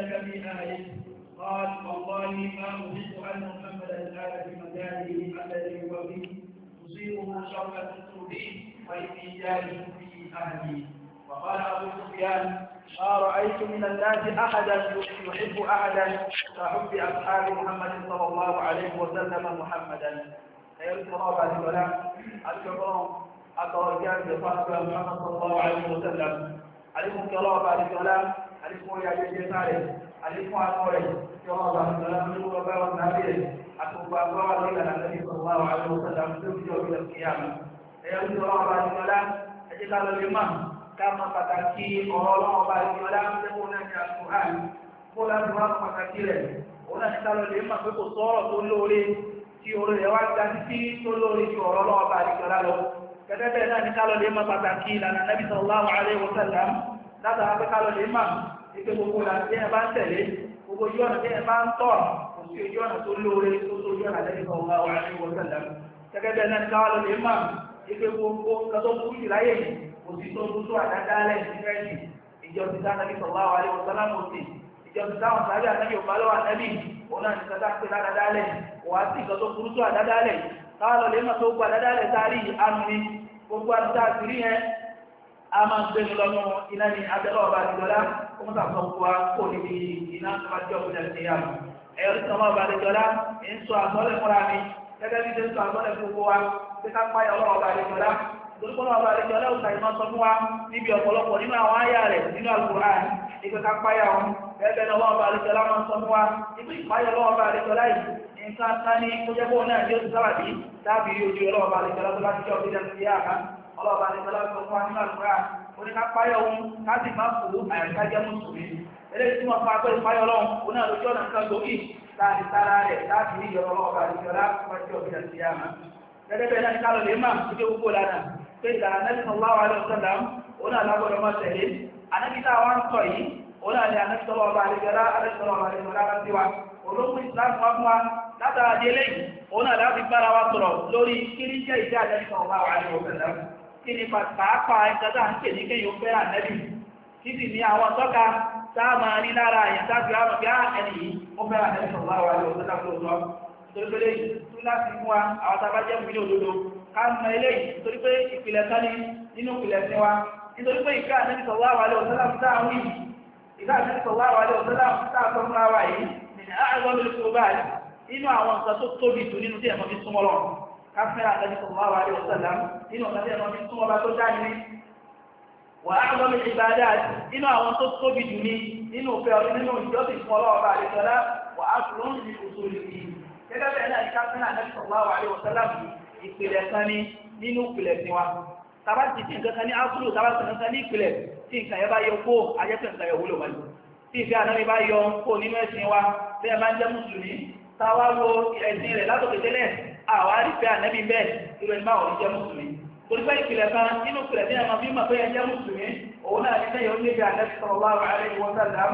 لك في أهله قال والله ما أحب أن محمدا الآن في مكانه الذي هو فيه تصيبه فيه وإني جالس في أهلي وقال أبو سفيان ما رأيت من الناس أحدا يحب أحدا كحب أصحاب محمد صلى الله عليه وسلم محمدا أيها القراءة عليه السلام الكرام وكان بصحبه محمد صلى الله عليه وسلم عليكم القراءة عليه السلام àlékún orí ayẹyẹ sáré àlékún akọ rẹ tí wọn bá tó lọ nínú ọgbà wọn nàbí rẹ àtòkò agbára lórí ìlànà lórí ìfọwọ́ àwọn àlọ́ sọ̀dà tó fi ọ̀gbìn ọ̀gbìn yàrá ẹ̀yọ́ ń tọrọ ọba àdìmọ́lá ẹ̀jẹ̀ ká lọ lè mọ̀ ká mọ pàtàkì ọ̀rọ̀ ọlọ́wọ́ ọba àdìmọ́lá lẹ́kọ̀ọ́ náà ní àkùnrin kó láti wá pàtàkì rẹ̀ òun àti ká lọ lè mọ̀ pé kò sọ̀rọ̀ tó lóore tí orí rẹ̀ wá ga títí tó lóore ju ọ̀rọ̀ ọlọ́wọ́ ọba àdìmọ́lá lọ gẹ́gẹ́ bẹ́ẹ̀ náà ike gbogbo la tí ẹ bá ń tẹ̀lé gbogbo ojú ọ̀nà tí ẹ bá ń tọ̀ kò sí ojú ọ̀nà tó lóore tó tó ojú ọ̀nà lẹ́yìn ọ̀gá ọ̀rá ní wọ́n tẹ̀lé gẹ́gẹ́ bẹ́ẹ̀ náà káwá lóde mà ike gbogbo nǹkan tó burú jù láyé kò sí tó burú tó àdáda lẹ́yìn nígbà yìí ìjọ ti dá nàbí sọ̀rọ̀ àwọn àlẹ́ wọ̀sán láwọn òsì ìjọ ti lẹ̀ wà á sì ìkan tó gba àdáda lẹ̀ sáré àmì gbogbo àti sáà sírí yẹn a máa ń gbé lọ́nà iná ní abẹ́rẹ́ ọba àdìgbọ́lá wọ́n tà sọ fún wa kó níbi iná tó bá jẹ́ òkúta ṣe yá mi. ẹ̀yọ́ tí wọ́n bá lè jọlá ń sọ àgbọ́lẹ̀ fúnra mi gẹ́gẹ́ bí ṣe ń sọ àgbọ́lẹ̀ fún wa pé ká páyà ọlọ́wọ́ bá lè jọlá. torípọ́nà ọba lè jọlá òkúta ìmọ̀ sọ fún wa níbi ọ̀pọ̀lọpọ̀ nínú àwọn àyà rẹ̀ nínú Al-Qur'an ìpè ká páyà wọn gẹ́gẹ́ bí ọlọ́wọ́ bá lè jọlá máa ń sọ fún wa ìpè ìpáyà ọlọ́wọ́ bá lè jọlá yìí nǹkan ká ní kó jẹ́ náà yóò sábàbí láàbí ojú ọlọ́wọ́ bá lè jọlá tó bá ti jẹ́ òkúta sí yá àká ọlọ́wọ́ oníkápáyọ̀ ohun káàdì máa kú àyàkájẹ́ mùsùlùmí eléyìí tí wọ́n fa pé ìpáyọ̀ lọ́hùn òun náà lójú ọ̀nà nǹkan lókì láti sára rẹ̀ láti ní ìyọ̀rọ̀ ọba àdìjọ́lá pàṣẹ ọ̀bí àti àmà gẹ́gẹ́ bẹ́ẹ̀ náà ní kálọ̀ lè máa ń gbé gbogbo lánà pé ìlànà nẹ́bí sọ̀láwà alẹ́ ọ̀sọ̀lá òun náà lágbọ́dọ̀ máa tẹ̀lé anábìtá wa ń sọ yìí òun náà ní anẹ́sọ̀lọ́ islam wa fún wa látara di eléyìí òun náà láti bára wa sọ̀rọ̀ lórí kí kí ni pàápàá ìjọba ń pè ní kéyìn fẹ́ ànẹ́bì kí sì ní àwọn tọ́ka táà máa rí lára àyè tábí àwọn bí ẹni yìí ó fẹ́ ànẹ́bì sọ̀rọ̀ àwọn àlọ́ òṣèlú àti òṣèlú torí pé lẹ́yìn tún láti mú wa àwọn tábà jẹ́ mú ní òdodo ká mọ eléyìí torí pé ìpìlẹ̀ kan ní nínú ìpìlẹ̀ sí wa nítorí pé ìfẹ́ ànẹ́bì sọ̀rọ̀ àwọn àlọ́ òṣèlú àti àwọn yìí ìfẹ́ ànẹ́bì sọ̀rọ̀ àwọn àlọ́ òṣèlú àti àwọn fúnra wa yìí nínú àwọn nǹkan tó tóbi jù nínú tí ẹ̀mọ́ fi súnmọ́ lọ́rùn káfíńà àtàbí sallallahu alaihi wasallam nínú ọ̀gáfẹ́ ọmọ mi tún ọba tó dá ní wà á lọ́mí ìbádá nínú àwọn tó tóbi jù ní nínú òfẹ́ ọdún nínú ìjọsìn fún ọlọ́ọ̀bá àdìsọ́lá wà á tún lóun ní oṣù olùkí gẹ́gẹ́ bẹ́ẹ̀ náà ní káfíńà àtàbí sallallahu alaihi wasallam ìpìlẹ̀ kan ní nínú ìpìlẹ̀ sí wa tàbá ti ti nǹkan kan ní áṣùlù tàbá ti nǹkan ní ìpìlẹ̀ tí nǹkan yẹn àwọn àrífẹ́ ànábì bẹ́ẹ̀ irú ẹni báwọn oníjẹ́ mùsùlùmí torípé ìpìlẹ̀ kan nínú ìpìlẹ̀ ní àwọn bímọ pé ẹjẹ́ mùsùlùmí òun náà ní sẹ́yìn oníbi ànábì sallallahu alaihi wa sallam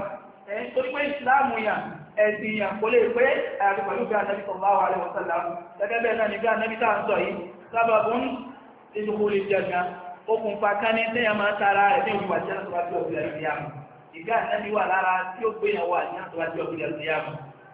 torípé ìsìláàmù yàn ẹ̀sìn yàn kò lè pé àyàfi pẹ̀lú bí ànábì sallallahu alaihi wa sallam gẹ́gẹ́ bẹ́ẹ̀ náà ní bí ànábì tá à ń sọ yìí sábàbùn ìdókòlè jẹ̀gà okùnfà kan ní sẹ́yìn máa tara ẹ̀ ní òwúwà jẹ́ àtúwájú ọ̀gbìn àti ìgbà ànábì wà lára tí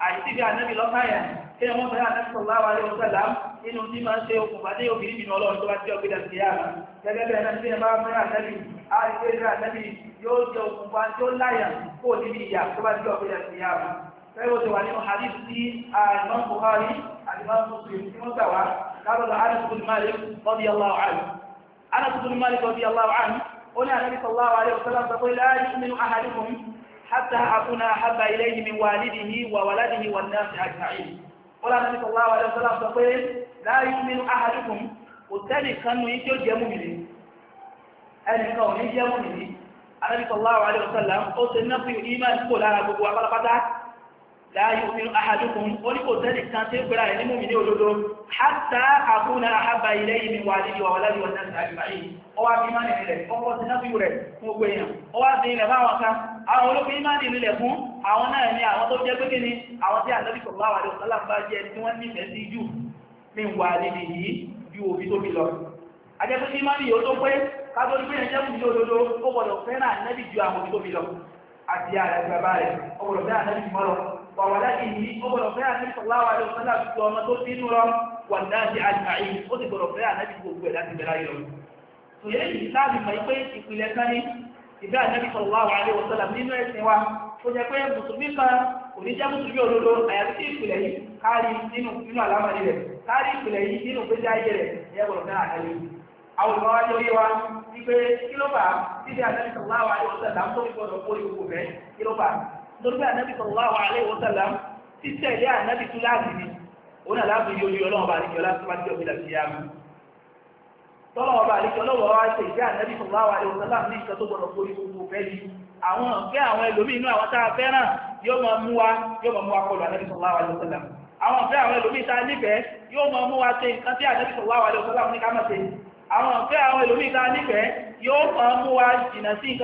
àìsí bí anábì lọ́kàyà kí ni wọ́n fẹ́ anábì sallallahu alaihi wasallam nínú tí máa ń ṣe okùnfà dé obìnrin bínú ọlọ́run tó bá jẹ́ ọ̀gbìn àti yàrá gẹ́gẹ́ bẹ́ẹ̀ náà tí ẹ bá fẹ́ anábì àìsí bí anábì yóò jẹ okùnfà tí ó láyà kó níbi ìyà tó bá jẹ́ ọ̀gbìn àti yàrá fẹ́ẹ́ wọ́n ti wà nínú hadith sí àìmọ́ Bukhari àìmọ́ Muslim tí wọ́n gbà wá lábàbà حتى أكون أحب إليه من والده وولده والناس أجمعين قال النبي صلى الله عليه وسلم تقول لا يؤمن أحدكم والثاني كانوا يجوا جمومني أنا كانوا يجوا جمومني النبي صلى الله عليه وسلم قلت النبي إيمان قول أنا أبو وقال láàyò fi àhàdùkùn oníkòtẹ́lì kan tí ó pèrà ẹ̀ nímú mi ní òdodo hátà àkúnà àbá ilẹ̀ yìí ni wà nílùú àwọn aláìwọ̀ náà tàbí báyìí ọwá fi máa nìrìn rẹ̀ ọkọ̀ ti náà fi rẹ̀ fún gbogbo èèyàn ọwá fi rẹ̀ báwọn kan àwọn olófin máa nìrìn rẹ̀ fún àwọn náà ni àwọn tó jẹ́ pé kíni àwọn tí ànábì sọ̀rọ̀ àwọn àdéhùn sálà bá jẹ́ tí wọ́n nífẹ̀ẹ́ sí jù ní wà wàwàlẹ́yìn yìí ó gbọ́dọ̀ fẹ́ ànábì sallallahu alaihi wasallam ju ọmọ tó bínú lọ wà náà sí àjàyìn ó sì gbọ́dọ̀ fẹ́ ànábì gbogbo ẹ̀ láti bẹ̀rẹ̀ ayọ̀ tòlẹ́ yìí láàbì mọ̀ pé ìpìlẹ̀ kan ní ìfẹ́ ànábì sallallahu alaihi wasallam nínú ẹ̀sìn wa ó jẹ́ pé mùsùlùmí kan kò ní jẹ́ mùsùlùmí òdodo àyàfi sí ìpìlẹ̀ yìí kárí nínú nínú àlámàrí rẹ̀ kárí ìpìlẹ̀ yìí nínú tó fi gbọ́dọ̀ kó ìwò fẹ́ kí ló fà lórí ànábì sallallahu alaihi wa sallam títẹ̀lé ànábì tó láàbì ni òun náà láàbì yóò yọ ọlọ́run bá àlejò láti wá jọ ìlà ìyá mi tọ́lọ́wọ́ bá àlejò lọ́wọ́ wá ṣe ìfẹ́ ànábì sallallahu alaihi wa sallam ní ìṣẹ́ tó gbọdọ̀ forí gbogbo fẹ́ yìí àwọn ọ̀fẹ́ àwọn ẹlòmíì inú àwọn tá a fẹ́ràn yóò máa mú wa yóò máa mú wa kọlu ànábì sallallahu alaihi wa sallam àwọn ọ̀fẹ́ àwọn ẹlòmíì tá a nífẹ̀ẹ́ yóò máa mú wa ṣe sí nǹkan tí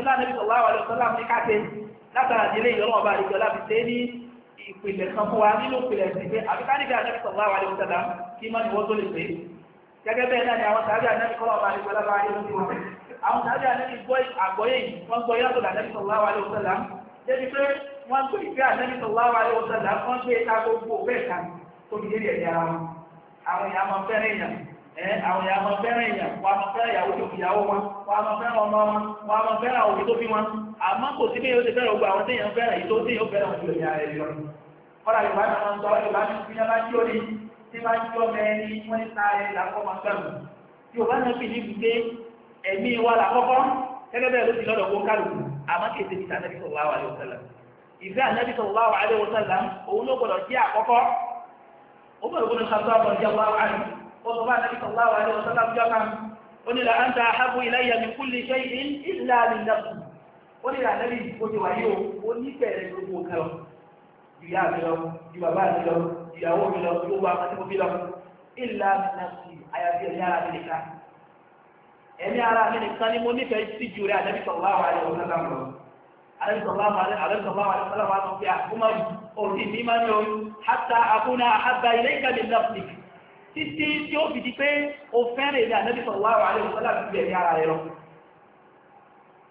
ànábì sallallahu ní ká látara ìdílé ìyọ́lọ́ ọba àdìgbò láti ṣe ní ìpìlẹ̀ kan fún wa nínú ìpìlẹ̀ sí pé àbíká níbi ànábì sallallahu alaihi wasallam kí má nìwọ́ tó lè pé gẹ́gẹ́ bẹ́ẹ̀ náà ni àwọn sàájà ànábì kọ́ ọba àdìgbò lábá àdìgbò sí wọn àwọn sàájà ànábì gbọ́ àgbọ́yé yìí wọ́n gbọ́ yàtọ̀ ànábì sallallahu alaihi wasallam débi pé wọ́n gbé ìfẹ́ ànábì sallallahu alaihi wasallam wọ́n gbé ta gbogbo bẹ́ẹ̀ kan tó fi dédé ẹ̀yà ara wọn àwọn fẹ́ràn èèyàn wọ́n máa fẹ́ràn ìyàwó tó fi ìyàwó wọn wọ́n máa fẹ́ràn ọmọ wọn wọ́n máa fẹ́ràn òbí tó fi wọn àmọ́ kò sí bí yóò ṣe fẹ́ràn gbogbo àwọn téèyàn fẹ́ràn yìí tó téèyàn fẹ́ràn ju ìyá rẹ̀ lọ. kọ́lá yorùbá náà máa ń sọ yorùbá ní ìpínyà bá jó ni tí bá jó mẹ́ni wọ́n ní sáré làkọ́ máa fẹ́ràn. yorùbá náà fi ní gbígbé ẹ̀mí wa làkọ́kọ́ gẹ́gẹ́ bẹ́ẹ̀ ló ti lọ́dọ̀ kó kálukú àmọ́ kì í ṣe ti sànẹ́bí sallallahu alaihi wasallam ìfẹ́ ànẹ́bí sallallahu alaihi wasallam òun ló gbọ́dọ̀ jẹ́ àkọ́kọ́ ó gbọ́dọ̀ gbọ́dọ̀ sàtọ́ àwọn ìjọba wà ní ọ̀sọ̀ bá ànẹ́bí sallallahu alaihi wasallam jọ́ kan ó nílò àǹtà àhábù ilayya min kulli shay'in illa min nafsi ó lè rà lẹ́yìn ìfojì wáyé o ó ní bẹ̀rẹ̀ gbogbo kan lọ ju ìyá mi lọ ju bàbá mi lọ ju ìyàwó mi lọ ju gbogbo àwọn tí mo fi lọ ìlà nàfì àyàfi ẹ̀mí ara mi nìkan ẹ̀mí ara mi nìkan ni mo nífẹ̀ẹ́ sí ju rẹ̀ àdẹ́bí sọ̀rọ̀ àwọn àyẹ̀wò náà lọ àdẹ́bí sọ̀rọ̀ títí tí ó fi di pé o fẹ́ràn ilé àdẹ́bí sọ̀rọ̀ àwọn àyẹ̀wò náà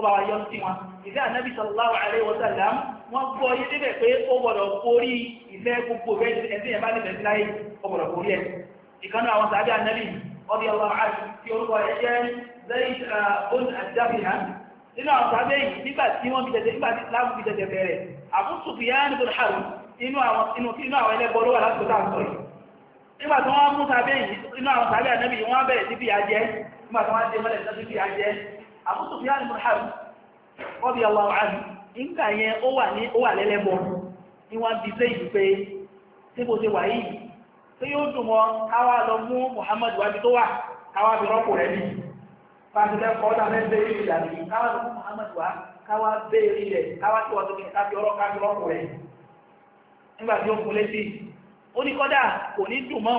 kó bá wa yọ sí wọn ìfẹ́ ànábì sallallahu alaihi wa sallam wọ́n gbọ́ yé débẹ̀ pé ó gbọ́dọ̀ borí ìfẹ́ gbogbo ẹ̀sìn ẹ̀bá nífẹ̀ẹ́ sí láyé ó gbọ́dọ̀ borí ẹ̀ ìkànnì àwọn sàábì ànábì ọdí ọlọ́run àti tí orúkọ ẹ̀ jẹ́ zayd uh, bun adabiha nínú àwọn sàábì yìí nígbà tí wọ́n fi tẹ̀tẹ̀ nígbà tí láàmú fi tẹ̀tẹ̀ bẹ̀rẹ̀ Abu Sufyan bun Harb inú Abu Sufyan ibn Harb radiyallahu anhu nígbà yẹn ó wà ní ó wà lẹ́lẹ́bọ̀ ní wọ́n bí sẹ́yìn pé tí kò ṣe wà yìí tí yóò dùn mọ́ káwá lọ mú Muhammad wájú tó wà káwá fi rọ́pò rẹ̀ bí fásitì kọ́ta fẹ́ bẹ́ẹ̀ ìlà bí káwá lọ mú Muhammad wá káwá bẹ́ẹ̀ ilẹ̀ káwá tí wọ́n tó kí ká ọ̀rọ̀ ká rọ́pò rẹ̀ nígbà tí ó kú létí ó ní kọ́dà kò ní dùn mọ́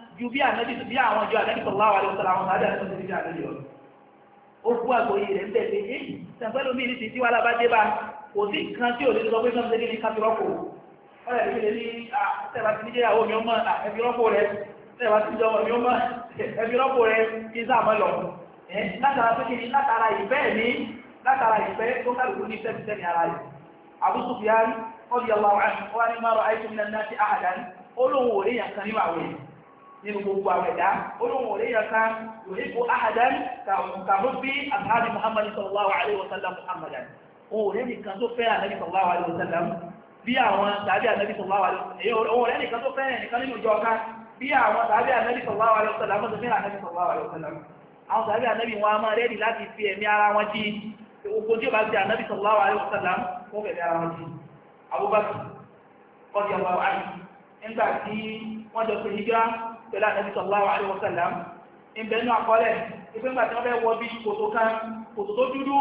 ju bí ànábì bí àwọn ọjọ́ ànábì sallallahu alaihi wasallam àwọn ọmọdé àti ọmọdé ànábì ọ̀rọ̀ ó kú àgbòye rẹ̀ ń tẹ̀lé èyí sàǹfẹ́lú mi ní ti tíwá lábájé bá kò sí kan tí ò lè sọ pé sọ́n tẹ́lé ní káfíọ́kò ọ̀rẹ́ mi lè ní tẹ́lá ti níjẹ́ àwọn ọmọ ẹ̀fíọ́kò rẹ̀ tẹ́lá ti jọ ọmọ ẹ̀fíọ́kò rẹ̀ kí sáàmọ́ lọ látara kí ni látara ìfẹ́ nínú gbogbo àwọn ẹ̀dá olóhùn òré yẹn kan yòókù ahadan kàmúbí abdulhadi muhammad sallallahu alayhi wa sallam muhammad òun òré nìkan tó fẹ́ anabi sallallahu alayhi wa sallam bí àwọn tàbí anabi sallallahu alayhi wa sallam òun òré nìkan tó fẹ́ nìkan nínú ìjọ kan bí àwọn tàbí anabi sallallahu alayhi wa sallam tó fẹ́ anabi sallallahu alayhi wa sallam àwọn tàbí anabi wọn a máa rẹ́ẹ̀dì láti fi ẹ̀mí ara wọn jí ogun tí ó bá ti anabi sallallahu alayhi wa sallam fún ẹ̀mí ara wọn jí abubakar kọ́ni ọ̀gbà wáyé nígbà tí wọ́n jọ pé hijira pẹ̀lú àtẹ́bí sallallahu alaihi wasallam ìbẹ̀nú àkọọ́lẹ̀ ìpínpà tí wọ́n fẹ́ wọ bí kòtò kan kòtò tó dúdú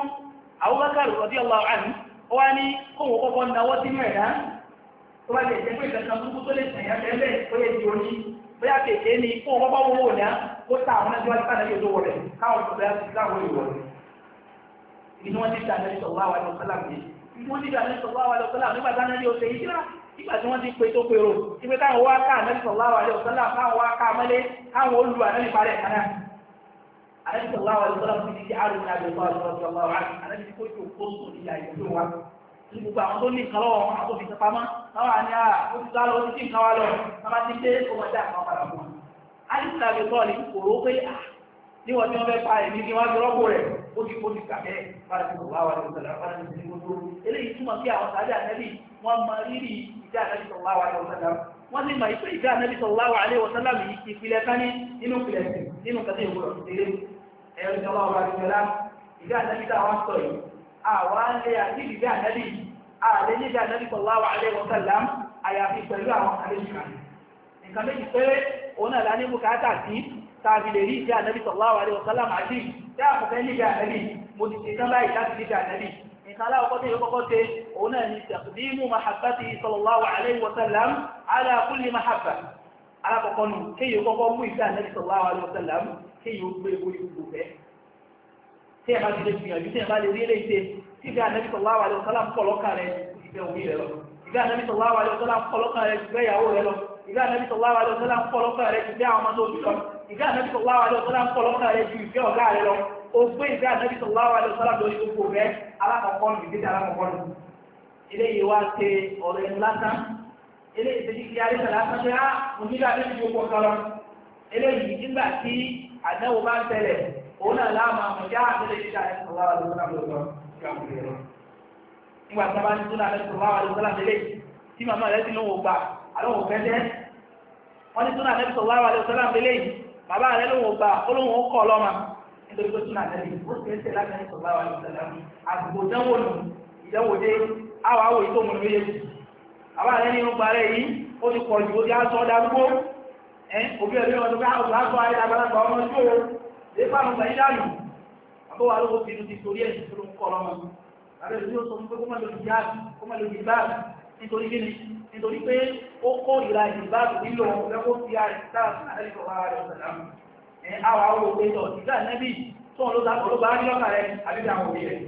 Abubakar radiyallahu anhu ó wá ní kóhùn kọ́kọ́ náwó sínú ẹ̀dá tó bá lè jẹ́ pé ìtẹ̀kan burúkú tó lè sẹ̀yà tẹ́lẹ̀ ó yẹ di orí bóyá kèké ni kóhùn kọ́kọ́ wọ́wọ́ ọ̀dá ó ta àwọn náà ní sallallahu alaihi nígbà tí wọ́n ti pe tó pèrò ipé káwọn wá ká ànábì sallallahu alaihi wasallam káwọn wá ká mọ́lé káwọn olù ànábì parẹ̀ kanáà di àrùn ní àbẹ̀fọ́ àti ọlọ́wọ́ ànábì kó tó kó sùn ní ìyá ìlú wa ní gbogbo àwọn tó ní nǹkan lọ́wọ́ wọn àtòfin ti pamọ́ káwọn àní ah, à ó ti sá lọ ó ti kí nǹkan wá lọ káwọn ti dé ó mọ̀ dá àwọn padà fún wọn. àdìsí àbẹ̀fọ́ ni kò ah, wọ́n tí wọ́n fẹ́ pa èmi kí wọ́n fi rọ́pò rẹ̀ ó ti kó ti kà bẹ́ẹ̀ wà wà lọ́sọ̀rọ̀ bá a ti ti gbogbo eléyìí túmọ̀ sí àwọn sáájà nẹ́bí wọ́n mọ rírì ìjà ànábì sallallahu alaihi wasallam wọ́n sì mọ̀ ìpé ìjà ànábì sallallahu alaihi wasallam yìí ìpìlẹ̀ kan ní nínú ìpìlẹ̀ sí nínú kàtí ìwé òṣèlú ẹ̀rọ ìjọba ọba àdìgbẹ̀lá ìjà ànábì tá àwọn sọ yìí àwọn alẹ́ àti ìjà ànábì àlẹ́ ní ìjà ànábì sallallahu alaihi wasallam àyàfi pẹ̀lú àwọn àlejò kan nǹkan méjì péré òun náà lání bùkátà sí tàbí lè rí ìjà ìsàlá ọkọ́ tí yóò kọ́kọ́ tẹ òun náà ni taqdimu mahabbati sallallahu alayhi wa sallam ala kulli mahabba alákọ̀ọ́kọ́ nù kí yóò kọ́kọ́ mú ìfẹ́ ànẹ́bí sallallahu alayhi wa sallam kí yóò gbé owó ìgbò fẹ́ tí ẹ bá ti lè gbìyànjú tí ẹ bá lè rí eléyìí tẹ tí ìfẹ́ ànẹ́bí sallallahu alayhi wa sallam pọ̀ lọ́kàn rẹ ìfẹ́ òun rẹ lọ ìfẹ́ ànẹ́bí sallallahu alayhi wa sallam pọ̀ lọ́kàn rẹ ìfẹ́ ìyàwó rẹ lọ ìfẹ́ ànẹ́bí sallallahu alayhi wa sallam pọ̀ lọ́kàn rẹ ìfẹ́ àwọn ọmọ tó ti lọ ìfẹ́ ànẹ́bí sallallahu alayhi wa sallam pọ̀ lọ́kàn rẹ ju ìfẹ́ ọ̀gá rẹ lọ ogbé ìfẹ́ ànábì sallallahu alaihi wasallam lórí gbogbo rẹ̀ alákọ̀ọ́kọ́ ní ìdíje alákọ̀ọ́kọ́ nù eléyìí wá ṣe ọ̀rọ̀ ẹnu lásán eléyìí ṣe kíkí alẹ́ sàlá sàn pé á ah, mo nílò gbogbo ọ̀kan lọ eléyìí nígbà tí àdánwò bá ń tẹ̀lẹ̀ òun náà láàmú àtẹ̀lẹ̀ ah, tí a bá nítorí pé súnà nẹ́bí ó sì ń tẹ̀ láti ẹni sọ̀rọ̀ àwọn ìṣẹ̀lẹ̀ àgbò dánwò nù ìdánwò dé àwọn àwò yìí tó mú lóye jù àwọn àlẹ́ nínú parẹ́ yìí ó ti pọ̀ ju ojú aṣọ darúgbó òbí ẹ̀rí wọn tó bá àwọn aṣọ ayé àgbàlagbà ọmọ ojú o lè fà mú gbàyí dànù àbó wa lówó fi ti torí ẹ̀ tó ń kọ́ ọmọ àbẹ́ ìlú yóò sọ fún pé kó má lò ní jáàbù kó má lò ní báàbù nítorí kí ni nítorí pé ó kó ìlà ìbáàbù nílò ọ̀fẹ́ kó fi àìsàn àlẹ́ ìfọwọ́ ara rẹ̀ ọ̀sẹ̀ láàmú àwọn àwọn òpétọ̀ ìgbà nẹ́bí tó ń ló bá rí lọ́kà rẹ̀ àbíbí àwọn òbí rẹ̀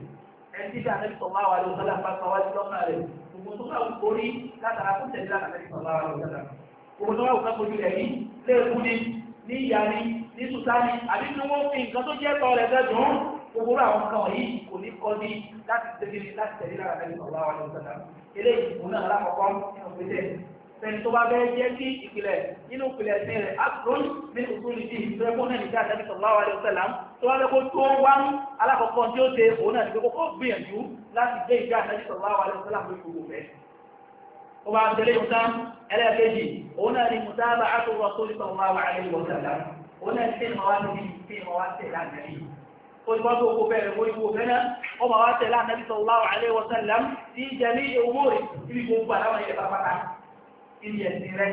ẹni tí ìgbà nẹ́bí sọ̀rọ̀ àwọn àlọ́ sọ́lá pàṣẹ wájú lọ́kà rẹ̀ gbogbo tó bá wù orí látara kó tẹ̀lé lára nẹ́bí sọ̀rọ̀ àwọn àlọ́ sọ́lá gbogbo tó bá wù kápojú rẹ̀ ní léèkú ni ní ìyá ni ní sùtá ni àbí tí wọ́n fi nǹkan tó jẹ́ tọ́ rẹ̀ gẹ́dùn gbogbo àwọn nǹkan wọ̀nyí kò ní kọ́ ní láti tẹ̀lé láti tẹ̀lé lára nẹ́bí sọ̀rọ̀ àwọn àlọ́ sọ́lá fẹ́ni tó bá bẹ́ẹ̀ jẹ́ sí ìpìlẹ̀ nínú ìpìlẹ̀ sí rẹ̀ akron ní òkúrú sí ìpìlẹ̀ fún náà nìjà àtàkì sallallahu alaihi wasallam tó wá lẹ́kọ́ tó wá ń alákọ̀ọ́kọ́ tí ó ṣe òun náà ní pé kókó gbìyànjú láti gbé ìjà àtàkì sallallahu alaihi wasallam lórí gbogbo rẹ̀. ó bá ń tẹ̀lé ìmúta ẹlẹ́ẹ̀kejì òun náà ni mùtáàbà àtúrọ̀ sórí ti mọ̀ wá níbi fi mọ̀ wá tẹ̀lé àgbẹ̀rẹ̀ olùgbàgbọ́ ogun wá tẹ̀lé ànábì sallallahu alaihi wasallam sí jẹ́ ní owó rẹ̀ ibi gbogbo àláwọn ilẹ̀ bàbá ibi ẹ̀sìn rẹ̀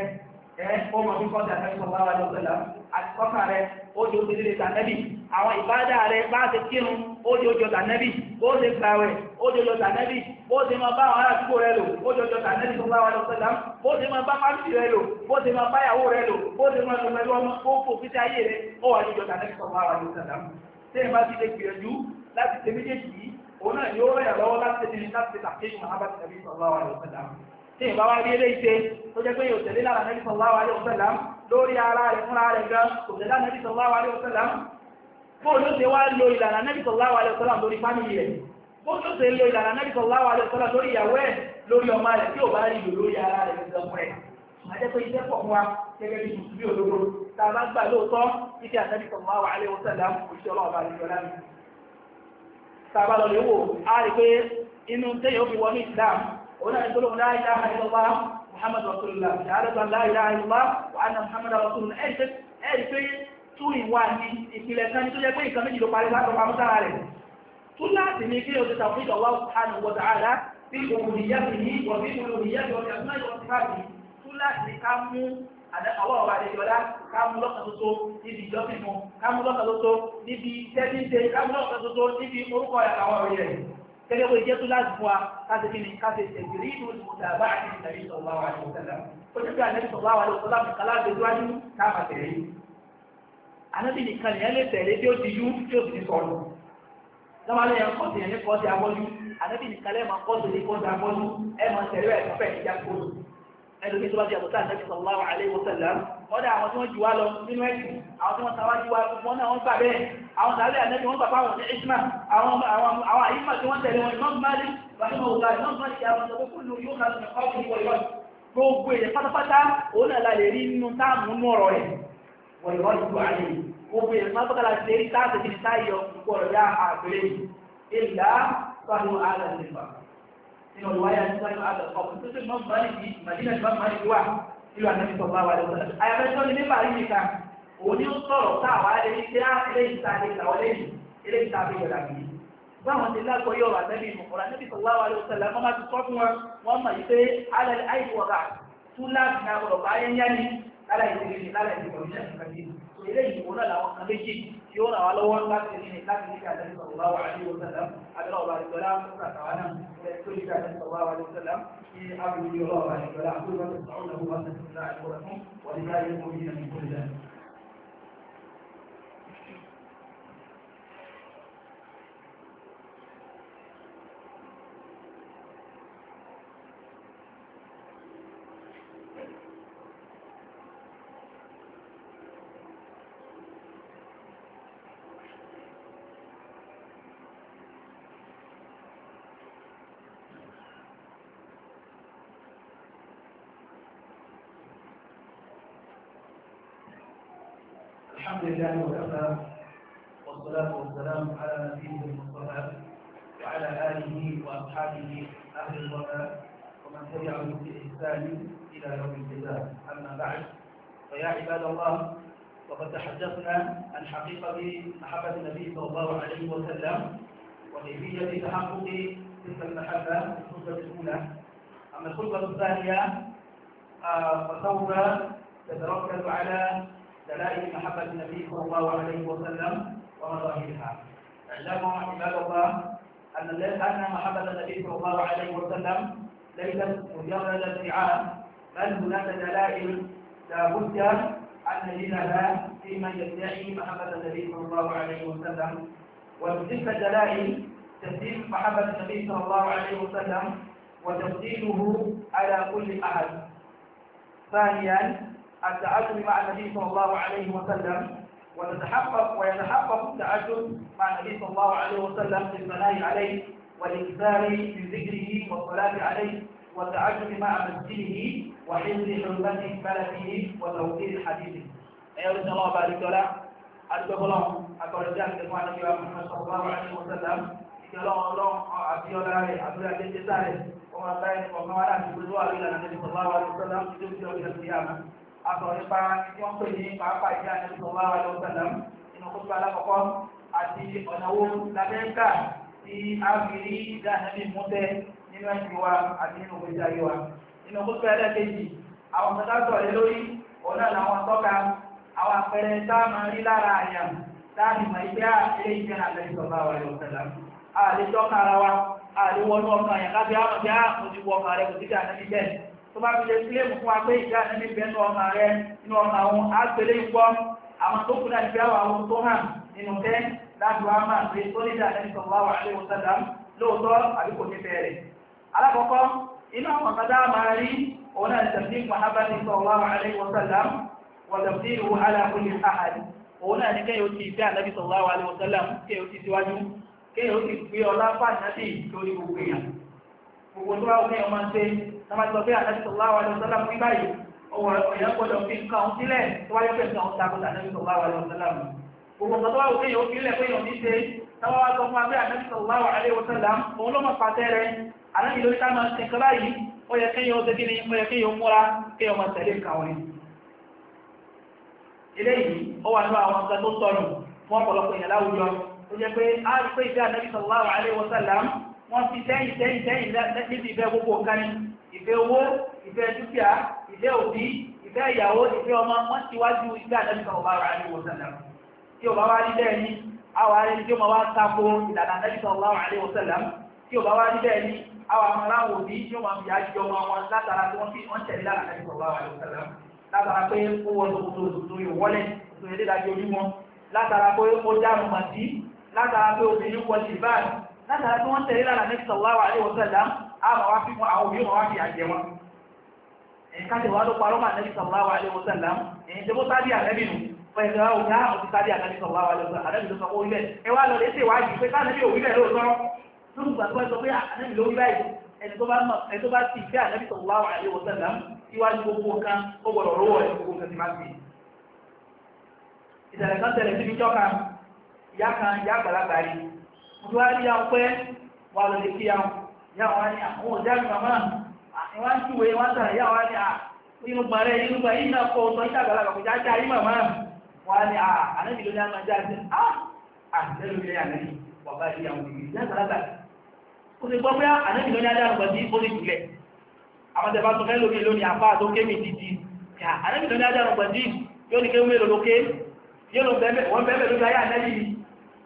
ẹ̀ ọmọ mi kọ́ dàbẹ́ sọ bá wà lọ sẹ́lá àti kọ́kà rẹ̀ ó di oṣù lílé tànẹ́bì àwọn ìbádà rẹ̀ bá ti kírun ó di oṣù tànẹ́bì ó ti gbàwẹ̀ ó di oṣù tànẹ́bì ó ti máa bá àwọn àdúgbò rẹ̀ lò ó di oṣù tànẹ́bì sọ bá wà lọ sẹ́lá ó ti máa bá fásitì rẹ̀ lò ó ti máa bá ìyàwó rẹ̀ lò ó ti máa lọ pẹ̀lú ọmọ ó fò fíṣẹ́ ayé rẹ̀ ó wà ní oṣù tànẹ́bì sọ bá wà lọ tí ìbá wá rí eléyìí ṣe tó jẹ́ pé yóò tẹ̀lé lára nẹ́bí sallallahu alaihi wasallam lórí ara rẹ̀ fúnra rẹ̀ gan kò tẹ̀lé lára nẹ́bí sallallahu alaihi wasallam bó ló ṣe wá lo ìlànà nẹ́bí sallallahu alaihi wasallam lórí fámìlì rẹ̀ bó ló ṣe lo ìlànà nẹ́bí sallallahu alaihi wasallam lórí ìyàwó ẹ̀ lórí ọmọ rẹ̀ tí ò bá rí ìlú lórí ara rẹ̀ gan fún ẹ̀ àjẹ́pẹ́ iṣẹ́ pọ̀ fún wa gẹ́gẹ́ bí mùsùlùmí òdodo tá a bá gbà lóòótọ́ iṣẹ́ àtẹ́bí sallallahu alaihi wasallam òṣìṣẹ́ ọlọ́ọ̀bá òun náà nítorí òun láìlá àìlọ́wà muhammad rasulullah ṣàárẹ́sọ láìlá àìlọ́wà wà á na muhammad rasulullah ẹ̀rí pé tú ìwà ní ìpìlẹ̀ kan tó jẹ́ pé ìkan méjì ló parí látọ̀ pamọ́ sára rẹ̀ tú láti ní kí ká mú àwọn tó tó níbi ìjọ́sìn mu ká mú lọ́kàn tó tó níbi iṣẹ́ gẹ́gẹ́ bó jẹ́ tó láti fún wa káṣe kí ni káṣe tẹ̀sírí ìlú ìmọ̀tàbá àti ìtàrí sallallahu alaihi wasallam ó jẹ́ pé ànẹ́bí sallallahu alaihi wasallam kaláàgbé wájú káàmà tẹ̀lé yìí ànẹ́bí nìkan nìyẹn lè tẹ̀lé tí ó ti yú tí ó sì ti sọ̀rọ̀ lọ́wọ́lẹ́ yẹn kọ́ sí ẹ̀yìn kọ́ sí abọ́jú ànẹ́bí nìkan lẹ́ẹ̀ máa kọ́ sí ẹ̀yìn kọ́ sí abọ́jú ẹ̀ máa tẹ̀lé ẹ̀ kọ́dà àwọn tí wọ́n jù wá lọ nínú ẹ̀sìn àwọn tí wọ́n sáwájú wa wọn náà wọ́n gbà bẹ́ẹ̀ àwọn sàálẹ̀ ànẹ́bí wọ́n gbàpá wọn ní ìsmà àwọn àyíkà tí wọ́n tẹ̀lé wọn ìmọ̀ gbáàlì wàhíwọ̀ ògbà ìmọ̀ gbáàlì àwọn ọmọ kúlù yóò kà sí ọkùnrin wọ̀ ìwọ̀n gbogbo èdè pátápátá òun náà la lè rí nínú táàmù nú ọ̀rọ̀ rẹ̀ ìlú ànábi sọ bá wà lọ sọlá àyàfẹ́ tó ní nípa rí nìkan òun ni ó sọ̀rọ̀ tá àwa lè ní pé ah, eléyìí tá a lè gbàwọ́ lẹ́yìn eléyìí tá a fi yọ̀dà bì í báwọn ti lágbọ́ yọ̀ wà nẹ́bí nù ọ̀rọ̀ ànábi sọlá wà lọ sọlá wọ́n máa ti sọ fún wọn wọ́n mọ̀ yìí pé alẹ́ àìsí wọ̀gà tún láti náà wọ̀rọ̀ bá yẹn yá ni láláì tí ó ràn wá lọ́wọ́ láti ní láti ní ká lẹ́nu sọ̀rọ̀ báwa àti ìwọ̀n sẹ̀lẹ̀ abẹ́rẹ́ ọba àdìgbọ́lá fún àtàwọn náà tó ní ká lẹ́nu sọ̀rọ̀ الله والأخلاق والصلاة والسلام على نبيه المصطفى وعلى آله وأصحابه أهل الوفاء ومن تبعهم بإحسان إلى يوم الجزاء أما بعد فيا عباد الله وقد تحدثنا عن حقيقة محبة النبي صلى الله عليه وسلم وكيفية تحقق تلك المحبة في الخطبة الأولى أما الخطبة الثانية آه، فسوف تتركز على دلائل محبة النبي صلى الله عليه وسلم ومظاهرها اعلموا عباد الله أن أن محبة النبي صلى الله عليه وسلم ليست مجرد ادعاء بل هناك دلائل لابد أن نجدها فيمن يدعي محبة النبي صلى الله عليه وسلم ومن تلك الدلائل تسليم محبة النبي صلى الله عليه وسلم وتسليمه على كل أحد ثانيا التعجل مع النبي صلى الله عليه وسلم وتتحقق ويتحقق التعجل مع النبي صلى الله عليه وسلم في الثناء عليه والإكثار من ذكره والصلاة عليه والتعجل مع مسجده وحفظ حرمة بلده وتوفير حديثه أيها الله بارك الله أدعو الله أقول ذلك الإمام محمد صلى الله عليه وسلم ìjọlọ́wọ́ الله عبد الله àbúrò àti ẹ̀jẹ̀ sáré wọn bá ẹni kọ̀ọ̀kan وما láti gbogbo àríyànjú àti ìsọ̀lá wa ní sọ́lá àtọ̀ nípa tí wọ́n pè ní pàápàá ìjà ní ìṣọ̀lá àlọ́sẹ̀lẹ̀ nínú kókó alákọ̀ọ́kọ́ àti ọ̀nà owó lábẹ́ńkà tí a fi rí ìjà nẹ́bí mútẹ́ nínú ẹ̀sìn wa àti nínú ìjà yìí wa nínú kókó ẹlẹ́kẹ̀jì àwọn kan dáṣọ rẹ lórí ọ̀nà làwọn tọ́ka àwọn àpẹẹrẹ tá a máa rí lára àyàn tá a nìmọ̀ ìgbẹ́ àlẹ́ ìjẹ́ àlẹ́ ìṣọ̀lá àlọ́sẹ̀lẹ̀ àlẹ́ tọ́ka ara wa àlẹ́ wọnú ọkàn yẹn lábẹ́ àwọn ọjà òjúwọ́ ọkàn rẹ kò sí tó bá fi lè sílé mú fún agbé ìjà ẹni bẹ́ẹ̀ nù ọmọ rẹ nù ọmọ àwọn àgbélé ìgbọ́ àwọn tó kúrò àti àwọn àwọn tó hàn nínú tẹ́ láti wá máa pé tó nílẹ̀ àti sallallahu alaihi wasallam lóòótọ́ àbí kò ní bẹ̀rẹ̀. alákọ̀ọ́kọ́ inú àwọn kan máa rí òun náà tẹ̀sí muhammadu ní kéyò ti ìfẹ́ ànábì sallallahu gbogbo tó bá wọ́n fẹ́yàn máa ń ṣe tàbátọ̀ pé àtàkì sallallahu alaihi wasallam fún báyìí ọwọ́ èèyàn gbọ́dọ̀ fi nǹkan ọ̀hún sílẹ̀ tó wáyé pẹ̀lú àwọn takọ̀tà àtàkì sallallahu alaihi wasallam gbogbo tó bá wọ́n fẹ́yàn òfin lẹ̀ fẹ́yàn ní ṣe tàbátọ̀ wá sọ fún abẹ́ àtàkì sallallahu alaihi wasallam òun ló mọ̀ pàtẹ́ rẹ̀ àlẹ́bí lórí ká máa ṣe nǹkan báyìí ó yẹ kéèyàn ó ṣe kí ni ó yẹ kéèyàn múra kéèyàn máa tẹ̀lé nǹkan wọn eléyìí ó wà nínú àwọn nǹkan tó sọnù fún ọ̀pọ̀lọpọ̀ èèyàn láwùjọ ó jẹ́ pé a rí pé ìdí àtàkì sallallahu alaihi wasallam wọ́n fi sẹ́yìn sẹ́yìn sẹ́yìn níbi ìfẹ́ gbogbo nǹkan ni ìfẹ́ owó ìfẹ́ dúkìá ìfẹ́ òbí ìfẹ́ ìyàwó ìfẹ́ ọmọ wọ́n ti wájú ìfẹ́ àdẹ́bìkan ọba ara ní wọ́n sẹ́lẹ̀ tí ọba wá rí bẹ́ẹ̀ ni àwọn arẹ́ni tí ó máa wá tako ìlànà àdẹ́bìkan ọba ara ní wọ́n sẹ́lẹ̀ tí ọba wá rí bẹ́ẹ̀ ni àwọn amáráwò bí tí ó máa fi àjọ ọmọ wọn látara tí wọ́n fi wọ́n tẹ̀lé lára àdẹ́bìkan ọba ara ní wọ́n sẹ́lẹ̀ látara pé ó wọ́n tó wọ látara tí wọ́n tẹ̀lé lára nẹ́bí sallallahu alaihi wasallam àmà wá fi wọn àwọn òbí wọn wá fi àjẹ wọn ẹ̀kájẹ̀ wá ló parọ́ mà nẹ́bí sallallahu alaihi wasallam ẹ̀yìn tẹ́bó sábì ànẹ́bí nù pẹ̀lú ah, àwọn sallallahu alaihi wasallam ànẹ́bí ló sọ pé orílẹ̀ ẹ wá lọ lè ṣe wájú pé sáànẹ́bí òwí bẹ̀ lóòótọ́ lórí ìgbà tó bá sọ pé ah, ànẹ́bí ló wí báyìí sallallahu alaihi wasallam iwájú gbogbo nǹkan ó gbọdọ̀ rówó ẹ̀ gbogbo nǹkan ti máa fi ìṣẹ̀lẹ̀ kan tẹ̀lẹ̀ síbi ìyá kan ìyá àgbàlagbà wọ́n wá rí àwọn pẹ́ wà lóde kí àwọn ìyá wa ní àwọn ọ̀dá àgbà máa àwọn ń túwèé wọ́n tàn ìyá wa ní à inú gbàrẹ́ inú gbà yìí náà kọ́ ọ̀tọ̀ ìjà àgbàlagbà kò já já yìí màmá wà ní à ànábì ló ní àwọn ajá àti à àtẹ́lú ilé ànábì wà bá rí àwọn ìgbìyànjú àgbàlagbà ó ti gbọ́ pé ànábì ló ní ajá àgbà tí ó lè jùlẹ̀ àwọn tẹ̀bá tó fẹ́ lórí lónìí àpá tó ké mi dìdì yóò lọ bẹ́ẹ̀ wọ́n bẹ́ẹ̀ lójú ayé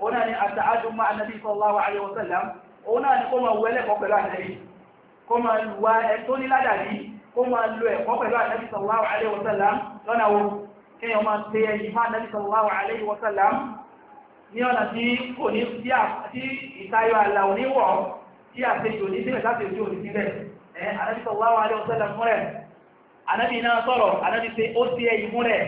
òun náà ni àtàájú máa nàbí sallallahu alaihi wasallam òun náà ni kó máa wẹ́lẹ̀ kọ́ pẹ̀lú ànàbí kó máa wá ẹ̀tọ́ ní ládàbí kó máa lo ẹ̀kọ́ pẹ̀lú ànàbí sallallahu alaihi wasallam lọ́nà wo kéèyàn máa tẹ ẹ̀yìn máa nàbí sallallahu alaihi wasallam ní ọ̀nà tí kò ní sí ìtayọ àlà oníwọ̀ tí a ṣe jòní sílẹ̀ láti ojú òní sílẹ̀ ẹ̀ sallallahu alaihi wasallam múrẹ̀ ànàbí náà sọ̀rọ̀ ànàbí ṣe ó sí ẹ̀yìn múrẹ̀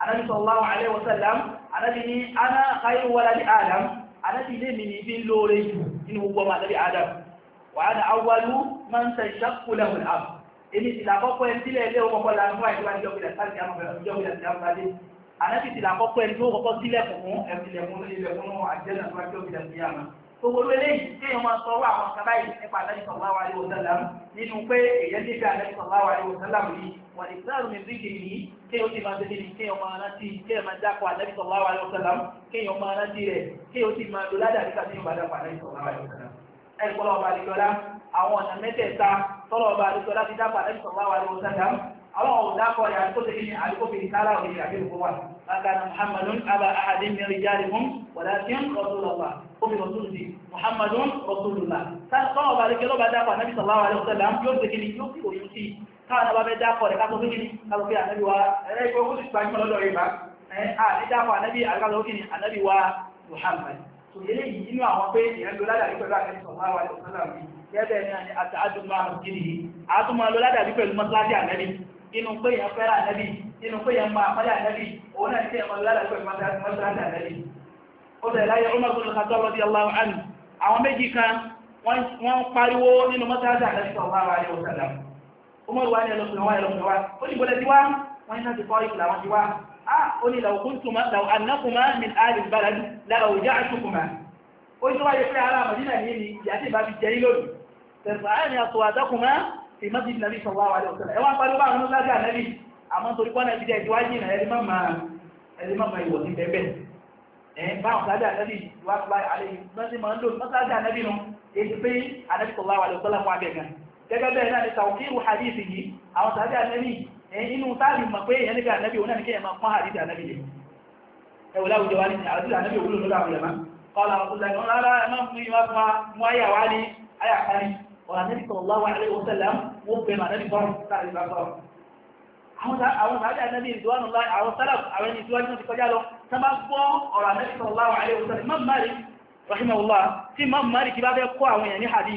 ànàbí sallallahu alaihi wasallam anábi ní aná káyí wọ́lá ní adam anábi lè mi ní bí lóore jù nínú gbogbo ọmọ anábi adam wà á na awalú máa ń tẹ ìṣàkólẹ̀ wọn àbù èmi ti là kọ́kọ́ ẹni sílẹ̀ ilé ọkọ̀ kọ́lá ní wáyé wáyé jọ́gbìlẹ̀ sáàlì jọ́gbìlẹ̀ sáàlì anábi ti là kọ́kọ́ ẹni tó kọ́kọ́ sílẹ̀ fún ẹ̀fìlẹ̀kún ilẹ̀kún àjẹ́nà tó wáyé jọ́gbìlẹ̀ síyàmà gbogbo eléyìí tí èèyàn máa sọ wá àwọn kan báyìí nípa àdáyé sọ̀rọ̀ àwọn àríwọ̀ sálàmù nínú pé èèyàn nífẹ̀ẹ́ àdáyé sọ̀rọ̀ àwọn àríwọ̀ sálàmù yìí wà ní sáàrù mi rí kiri yìí kéèyàn ti máa tẹ́lẹ̀ kéèyàn máa rántí kéèyàn máa dákọ̀ ànábì sallallahu alaihi wasallam kéèyàn máa rántí rẹ̀ kéèyàn ti máa lò ládàá nípa tí yóò bá dákọ̀ ànábì sallallahu alaihi wasallam ẹ̀kọ́ lọ́wọ́ àdìgbọ́lá àwọn ọ̀nà mẹ́tẹ̀ẹ̀ta tọ́lọ́wọ́ àdìgbọ́lá ti dákọ̀ ànábì sallallahu alaihi wasallam àwọn ọ̀dákọ̀ rẹ̀ àdìgbò tẹ́lẹ̀ ní àdìgbò fi sára òní àbẹ̀wò wa lákàtà muhammadun aba ahadin min rijalikum walakin rasulullah omi rasulullah muhammadun rasulullah tọ́lọ́wọ́ àdìgbọ́lá dákọ̀ ànábì sallallahu alaihi wasallam yóò tẹ́lẹ̀ yóò fi òyìn sí káwọn náà bá fẹ́ dákọ̀ rẹ̀ kátó fíjì ní kátó fí ànábì wa ẹ̀rẹ́ ìgbó kó sì gbajúmọ̀ lọ́dọ̀ rẹ̀ bá a ní dákọ̀ ànábì àkátó fí ní ànábì wa Muhammad tó yẹlé yìí inú àwọn pé ìyẹn ló ládàrí pẹ̀lú àkẹ́sì ọ̀hún àwọn àti ọ̀sán àmì gẹ́gẹ́ ní àti àdúmọ̀ àrùn kiri yìí àtúmọ̀ ló ládàrí pẹ̀lú mọ́sálásí ànábì inú pé yẹn fẹ́ràn ànábì inú pé yẹn máa fẹ́ràn ànábì òun náà ti yẹn máa ládàrí pẹ̀lú mọ́sálásí ànábì ó bẹ̀rẹ̀ láyé Umar bin Khattab radiyallahu anhu àwọn méjì kan wọ́n pariwo nínú mọ́sálásí ànábì sallallahu alaihi wasallam Umar wà ní ẹlọ́pẹ̀ wá ẹlọ́pẹ̀ wá ó ní bọ́lẹ̀ tiwa wọ́n ní láti kọ́rí ìlà wọn tiwa á ah, ó ní law kuntum law annakuma min ahli al-balad la awja'tukuma ó ní wáyé pé ara Madina yìí ni ìyá tí ìbá fi jẹ́ lórí tẹ̀sán aswatakuma fi masjid nabi sallallahu alaihi wasallam ẹwà pariwo bá àwọn ọlọ́dà nabi àmọ́ torí pọ́nà ti dẹ̀ ìwájú ìnà ẹni máa ẹni máa ìwọ̀ sí bẹ́ẹ̀ ẹ̀ báwọn sáájà nabi wá pa àlejò náà sí máa ń lò mọ́sáájà nabi nù èyí pé ànábì sallallahu alaihi wasallam wọn abẹ́ gan gẹ́gẹ́ bẹ́ẹ̀ náà ni tàwùkírù hadithi yìí àwọn tàbí ànẹ́bí inú táàbì mọ̀ pé ẹni bí ànẹ́bí òun náà ni kí ẹ máa pọ́n hadithi ànẹ́bí yìí ẹwọ láwùjọ wa ní àdúrà ànẹ́bí òun lọ́la àwọn ẹ̀má kọ́lá àwọn ọ̀sán ìwọ̀n rárá ẹ máa fún ìwà fún wa mú ayà wá ní ayà parí ọ̀rọ̀ ànẹ́bí sallallahu alaihi wasallam ó pè mà ànẹ́bí sọ́rọ̀ táàbì bá sọ́rọ̀ àwọn tàbí ànẹ́bí ìdúwánu láì àwọn sálà àwọn ẹni ìdúwájú náà ti kọjá lọ tá bá gbọ́ ọ̀rọ̀ ànẹ́bí sallallahu alaihi wasallam Imam Malik rahimahullah tí Imam Malik bá fẹ́ kọ́ àwọn èèyàn ní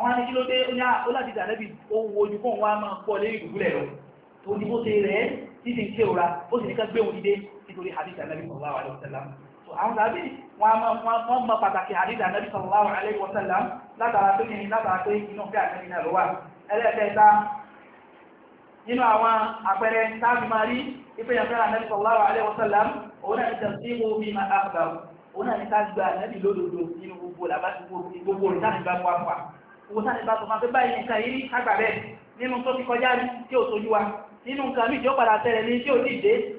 àwọn ẹni kí ló dé ó ah, láti dà lẹ́bi ohun ojú fún wa máa pọ̀ lé ìdúgbùlẹ̀ lọ tó ní bó ṣe rẹ̀ tí ti ń ṣe òra ó sì ní ká gbé òun dìde nítorí hadith anabi sallallahu alaihi wasallam àwọn tàbí wọ́n mọ pàtàkì hadith anabi sallallahu alaihi wasallam látara pé kìnnì látara pé inú fẹ́ àti ìrìnà ló wà ẹlẹ́ẹ̀kẹta nínú àwọn àpẹẹrẹ táàbì máa gbogbo làbá gbogbo ìdáhìbá wà fún owó sáà nípa tọmọ pé báyìí nǹkan yìí àgbà rẹ̀ nínú tó ti kọjá rí tí ó sojú wa nínú nǹkan mí tí ó padà tẹ̀lẹ̀ ní tí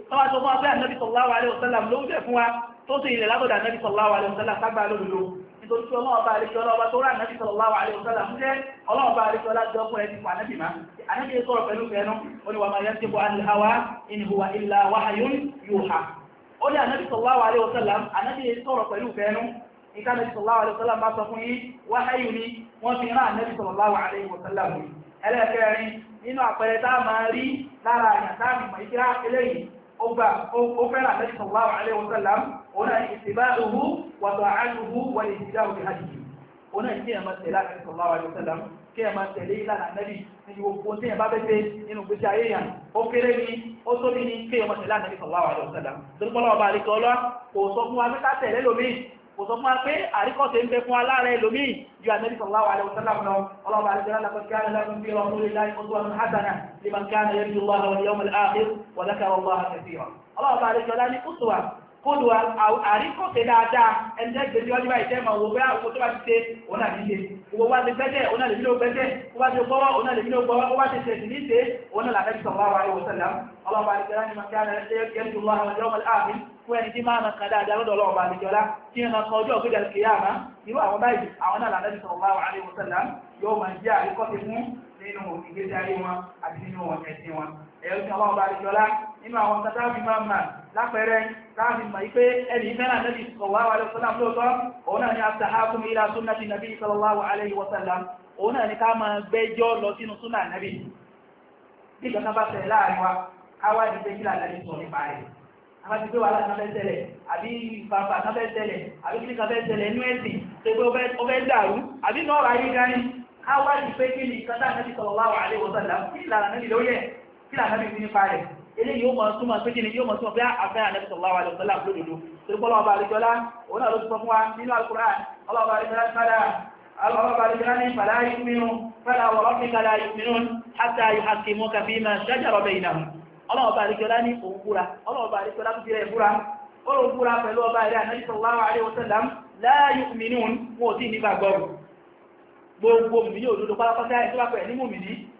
ó tó fún ànábì sallallahu alaihi wasallam bá àríkẹ́ ọlọ́wọ́ jọ fún ẹni fún ànábì má ànábì sọ̀rọ̀ pẹ̀lú fẹ́nu ó ní wa ma yantiqu anil hawa ànábì sallallahu alaihi ìkánà sallallahu alaihi wasallam bá sọ fún yí wáháyù ni wọ́n fi rán ànẹ́bí sallallahu alaihi wasallam ẹlẹ́ẹ̀kẹrin nínú àpẹẹrẹ tá máa rí lára àyàn tá mọ̀ ìkírá ah, eléyìí ó gbà ó fẹ́ràn ànẹ́bí sallallahu alaihi wasallam òun náà ittiba'uhu wa ta'atuhu wal ihtida'u bi hadihi òun náà kí ẹ máa tẹ̀lé ànẹ́bí sallallahu alaihi wasallam kí ẹ máa tẹ̀lé ìlànà ànẹ́bí nínú gbogbo tí ẹ bá bẹ́ẹ̀ nínú gbèsè ó kéré ní ó tóbi kò sọ fún wa pé àríkọ́sẹ̀ ń bẹ fún aláàrẹ lómi ju àmẹ́rí sallallahu alaihi wasallam lọ ọlọ́ba àríkọ́sẹ̀ alákọ̀ọ́sẹ̀ alákọ̀ọ́sẹ̀ bí ọmọ orílẹ̀ ìkọ́sọ́wọ́n hasana liman kana yarju Allah wal yawm al-akhir wa dhakara Allah kathira ọlọ́ba àríkọ́sẹ̀ ní kùsùwà kódù àríkọ́sẹ̀ dáadáa ẹni tẹ́gbẹ̀ẹ́ gbogbo wa ti gbẹ́jẹ́ òun náà lè nílò gbẹ́jẹ́ ó bá ti gbọ́wọ́ òun náà lè nílò gbọ́wọ́ ó bá ti tẹ̀sì ní ṣe òun náà làbẹ́ sọ̀rọ̀ tí máa kan dáadáa lọ́dọ̀ àwọn báyìí máa jẹ́ máa lápẹẹrẹ káàfin ma ipé ẹni fẹ́ràn nẹ́bí sallallahu alaihi wasallam lóòtọ́ òun náà ni astahakum ila sunnati nàbí sallallahu alaihi wasallam òun náà ni ká máa gbẹ́jọ́ lọ sínú súnà nẹ́bí bí ìjọba bá tẹ̀lé láàrin wa káwá ní pé kílà nẹ́bí sọ nípa rẹ̀ àbájú pé wàhálà kan fẹ́ tẹ̀lẹ̀ àbí bàbà kan fẹ́ tẹ̀lẹ̀ àbí kílì kan fẹ́ tẹ̀lẹ̀ inú ẹ̀sìn tó pé ó fẹ́ dàrú àbí náà ráyé gani káwá ní pé kílì kan dáa nẹ́bí sallallahu alaihi wasallam kílà kí lànà bí nípa rẹ̀ eléyìí yóò mọ̀ súnmọ̀ pé kí ni yóò mọ̀ súnmọ̀ pé àfẹ́ ah, ànẹ́bí sallallahu alaihi wasallam lódodo torípọ́lọ́ ọba àríjọlá òun náà ló ti sọ fún wa nínú Al-Qur'an ọlọ́ọ̀bà àríjọlá sádà ọlọ́ọ̀bà àríjọlá ní fàlá ìmínú fàlá wọ̀rọ́fì kàlá ìmínú hátà ìhàkìmọ́ kàfí máa ṣájàrọ̀ bẹ̀ ìnà ọlọ́ọ̀bà àríjọlá ní òun búra ọlọ́ọ̀bà àríjọlá tó fi rẹ̀ búra ọlọ́ọ̀bà búra pẹ̀lú ọba àríjọlá ànẹ́bí sallallahu alaihi wasallam la yu'minun wọn gbogbo mùmí yóò dúdú ẹ̀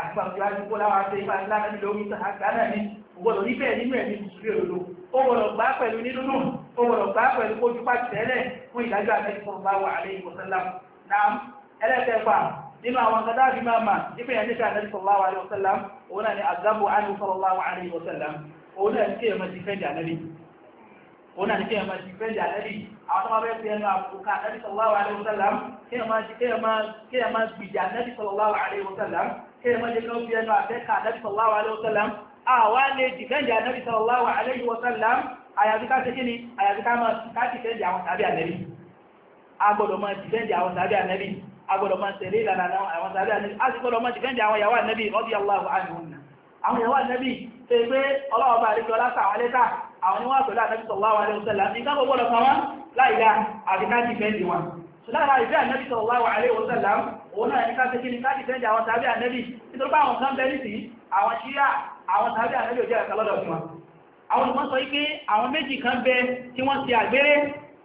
àti àwọn ìwájú kó láwọn àti ìfà ńlá náà nílò omi àgbà náà ní gbọdọ̀ níbẹ̀ nínú ẹ̀mí mùsùlùmí òdodo ó gbọdọ̀ gbà pẹ̀lú nínú ó gbọdọ̀ gbà pẹ̀lú kójú pàtẹ́lẹ̀ fún ìdájọ́ àtẹ́sán bá wà alẹ́ ìwọ̀sálàm náà ẹlẹ́tẹ̀fà nínú àwọn kọjá bí máa mà nípa ẹ̀yẹ́ nípa àtẹ́sán bá wà alẹ́ ìwọ̀sálàm òun náà ni àgbàbọ̀ ánú sọ̀rọ̀ bá wà alẹ́ ìwọ̀sálàm òun náà ni kí ẹ̀mọ́ ti fẹ́ jà lẹ́bí òun náà ni kí ẹ̀mọ́ ti fẹ́ jà lẹ́bí àwọn kéèmọ́jẹ́ kan fi ẹnu àtẹ́kà Ànábì sallallahu alaihi wasallam àwa lè dìfẹ́ǹdì Ànábì sallallahu alaihi wasallam àyàfi ká ṣe kí ni àyàfi ká máa dìfẹ́ǹdì àwọn tàbí Ànábì a gbọ́dọ̀ máa dìfẹ́ǹdì àwọn tàbí Ànábì a gbọ́dọ̀ máa tẹ̀lé ìlànà àwọn tàbí Ànábì a sì gbọ́dọ̀ máa dìfẹ́ǹdì àwọn ìyàwó Ànábì radiyallahu anhunna àwọn ìyàwó Ànábì ṣe pé ọlọ́wọ́ bá rí lọ látà àwọn lẹ́tà àwọn ni wọ́n pẹ̀lú Ànábì sallallahu alaihi òun náà ní káṣe kí ni káṣe tẹ́jì àwọn tàbí ànẹ́bì nítorí pé àwọn kan bẹ́rì sí àwọn ṣíyà àwọn tàbí ànẹ́bì ò jẹ́ ẹ̀ka lọ́dọ̀ fún wa àwọn olùmọ́ sọ wípé àwọn méjì kan bẹ tí wọ́n ti àgbéré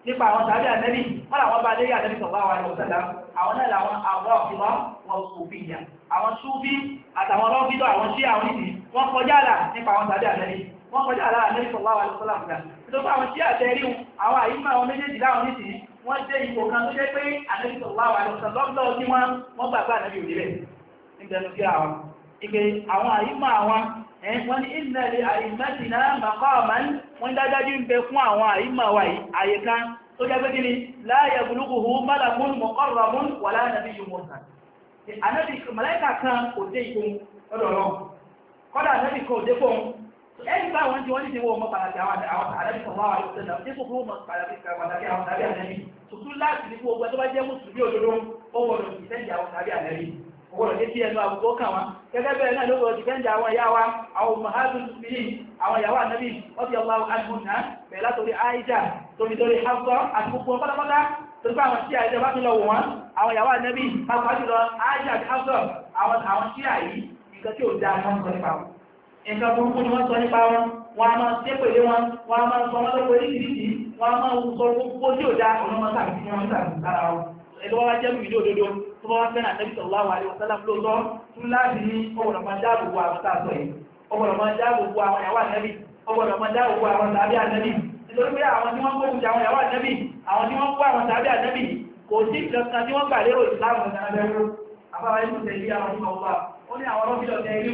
nípa àwọn tàbí ànẹ́bì wọ́n làwọn bá lérí ànẹ́bì sọ̀rọ̀ àwọn àwọn ọ̀sẹ̀lá àwọn náà làwọn àwọn ọ̀fìwọ́ wọn kò fi ìyà àwọn súbí àtàwọn ọlọ́fíìdọ̀ àwọn ṣíyà àwọn ìdí wọ́n kọjá àlà nípa àwọn tàbí ànẹ́bì wọ́n kọjá àlà ànẹ́bì sọ̀rọ̀ àwọn àlùsọ́lá fúnra nítorí àwọn ṣíyà tẹ́rí àwọn àyíká àwọn méjèèjì láwọn nísìnyí wọ́n jẹ́ ipò kan tó jẹ́ pé àlẹ́sọ̀ wà wà lọ́sọ̀ lọ́gbọ́ tí wọ́n wọ́n gbàgbà àlẹ́bí òdí rẹ̀ níbẹ̀nu sí àwọn ìgbé àwọn àyímọ̀ àwọn wọ́n ní ìnàlẹ̀ àyímẹ́sìnà màkọ́ ọ̀mán wọ́n dájájú ń bẹ fún àwọn àyímọ̀ wà àyè kan tó jẹ́ pé gini láàyè burúkú mọ́lákún mọ́kọ́rọ̀mún wà lánàbí yìí mọ́ta àlẹ́bí mọ̀lẹ́kà kan kò dé ìkún ọdọ̀rọ̀ kọ́dà àlẹ́bí kan ò dé fóun ẹ̀yìn bá wọn tí wọ́n ní ti wọ́n mọ́ pàtàkì àwọn àdábì sọ̀rọ̀ àwọn ìṣẹ̀lẹ̀ tí kò fún mọ́ pàtàkì àwọn tàbí ànẹ́bí tuntun láti ní gbogbo ẹ̀ tó bá jẹ́ mùsùlùmí òdodo ó wọ̀ lọ ìṣẹ́jì àwọn tàbí ànẹ́bí owó rẹ̀ létí ẹnu àwùjọ kàn wá gẹ́gẹ́ bẹ́ẹ̀ náà ló wọ́n ti fẹ́ǹdà àwọn ìyá wa àwọn mahadum mìíràn àwọn ìyàwó ànábì wọ́n ti ọlá àdúgbò bẹ̀rẹ̀ látòrí Aisha torí torí Hafsa àti gbogbo pátápátá torí pé àwọn tíyà ìjọba ti lọ wọ̀ wọ́n àwọn ìyàwó ànábì pàápàá jùlọ Aisha àti Hafsa àwọn tíyà yìí nǹkan tí ò dáa kan sọ nípa wọn nǹkan burúkú ni wọ́n sọ nípa wọn wọ́n a máa ṣe pèlé wọn wọ́n a máa sọ wọ́n lọ́pọ̀ oríṣiríṣi wọ́n a máa sọ gbogbo tí ò dá ọ̀nà wọn sàbí tí wọ́n sàbí lára wọn ẹgbẹ́ wọn jẹ́ lùmí lódodo tó bá wọn fẹ́ràn àtẹ́bí sọ̀rọ̀ láwọn àríwọ̀ sálà lóòótọ́ tún láti ní ọgbọ̀nà máa dáàbò bo àwọn sáàtọ̀ yìí ọgbọ̀nà máa dáàbò bo àwọn ìyàwó àtẹ́bí ọgbọ̀nà máa dáàbò bo àwọn tàbí àtẹ́bí nítorí pé àwọn tí wọ́n kó oúnjẹ àwọn ìyàwó àtẹ́bí àwọn tí wọ́n kó àwọn tàbí àtẹ́bí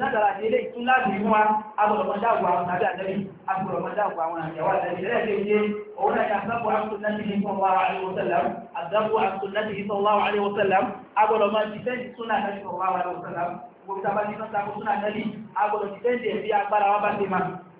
látara ilé ìtúlá ní wá agbọ̀rọ̀mọ́dáàgbà àwọn tàbí àdẹ́bí agbọ̀rọ̀mọ́dáàgbà àwọn àyàwó àdẹ́bí lẹ́ẹ̀kẹ́ òun náà àgbàbọ̀ àtúnnàtìhì sallallahu alaihi wasallam àgbàbọ̀ àtúnnàtìhì sallallahu alaihi wasallam agbọ̀rọ̀mọ́ ti fẹ́ ìtúnà àdẹ́bí sallallahu alaihi wasallam gbogbo tàbí ní sọ́ta kó túnà àdẹ́bí agbọ̀rọ̀ ti fẹ́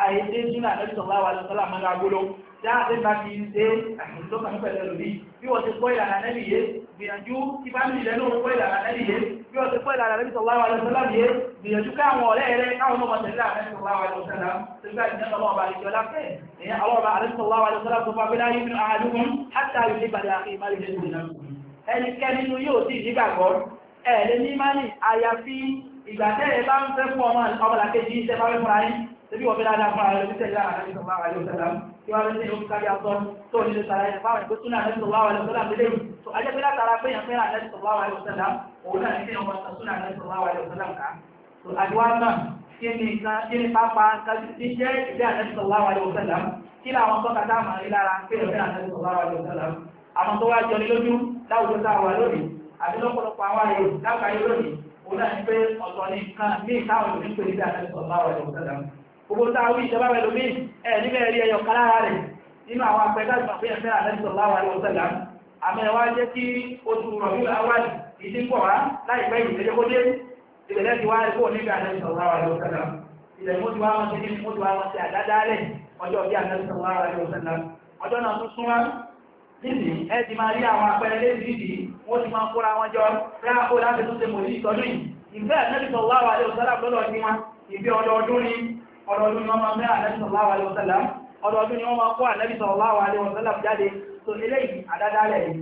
àìdé súnà àtẹ́bí sọ̀rọ̀ àwọn àlọ́sọ́lá máa gbogbo dáadé bá fi dé àìsọ́kà ní pẹ̀lú ẹlòmí bí wọ́n ti kọ́ ìlànà nẹ́bí yé gbìyànjú kí fámìlì rẹ̀ ló kọ́ ìlànà nẹ́bí yé bí wọ́n ti kọ́ ìlànà nẹ́bí sọ̀rọ̀ àwọn àlọ́sọ́lá yé gbìyànjú káwọn ọ̀rẹ́ rẹ̀ káwọn ọmọ tẹ̀lé àwọn àlọ́sọ́lá àwọn àlọ́sọ́lá tó gbà ìjọba ọlọ́ọ̀bà ìjọba fẹ́ ẹ̀yà ọlọ́ọ̀bà àlọ́sọ́lá àwọn àlọ́sọ́lá tó fà bí láyé nínú àádúgbùn hátà yóò tẹ́bí wọ́n bẹ́lá dáa fún ààrẹ lórí tẹ́lá ààrẹ ìsọ̀lá ààrẹ òṣèlá tí wọ́n rẹ̀ tẹ́lẹ̀ òkúta yà sọ tó ní lè sàrẹ̀ fáwọn ẹ̀kọ́ túnà ààrẹ ìsọ̀lá ààrẹ òṣèlá mi léwu tó ajẹ́ pé látara pé yàn fẹ́ràn ààrẹ ìsọ̀lá ààrẹ òṣèlá òun náà ní ọmọ sàtúnà ààrẹ ìsọ̀lá ààrẹ òṣèlá ká tó àdúrà náà kí ni kí ni pápá kí jẹ́ ìdí ààrẹ ìsọ̀lá ààrẹ òṣèlá kí làwọn tọ́ka dá àmà rí lára pé yàn fẹ́ràn ààrẹ ìsọ̀lá ààrẹ òṣèlá àmọ́ tó wá jọ ní lójú láwùjọ tá a wà lónìí àbí lọ́pọ̀lọpọ̀ àwọn ààyè láwùjọ gbogbo táwí ìjọba rẹ̀ lómi ẹ̀ níbẹ̀ rí ẹyọ kálára rẹ̀ nínú àwọn apẹ̀dájúmọ̀ pé ẹ̀fẹ́ àlẹ́sọ̀láwà ní ọ̀sẹ̀lá àmẹ́wàá jẹ́ kí oṣù rọ̀bí àwárí ìdínkọ̀ wá láìpẹ́ ìdẹ́jẹ́kódé ìbẹ̀lẹ́ ti wá rí kó níbi ọdọọdún ni wọ́n máa mẹ́ ànábì sallallahu alaihi wasallam ọdọọdún ni wọ́n máa kó ànábì sallallahu alaihi wasallam jáde tó eléyìí àdádálẹ̀ yìí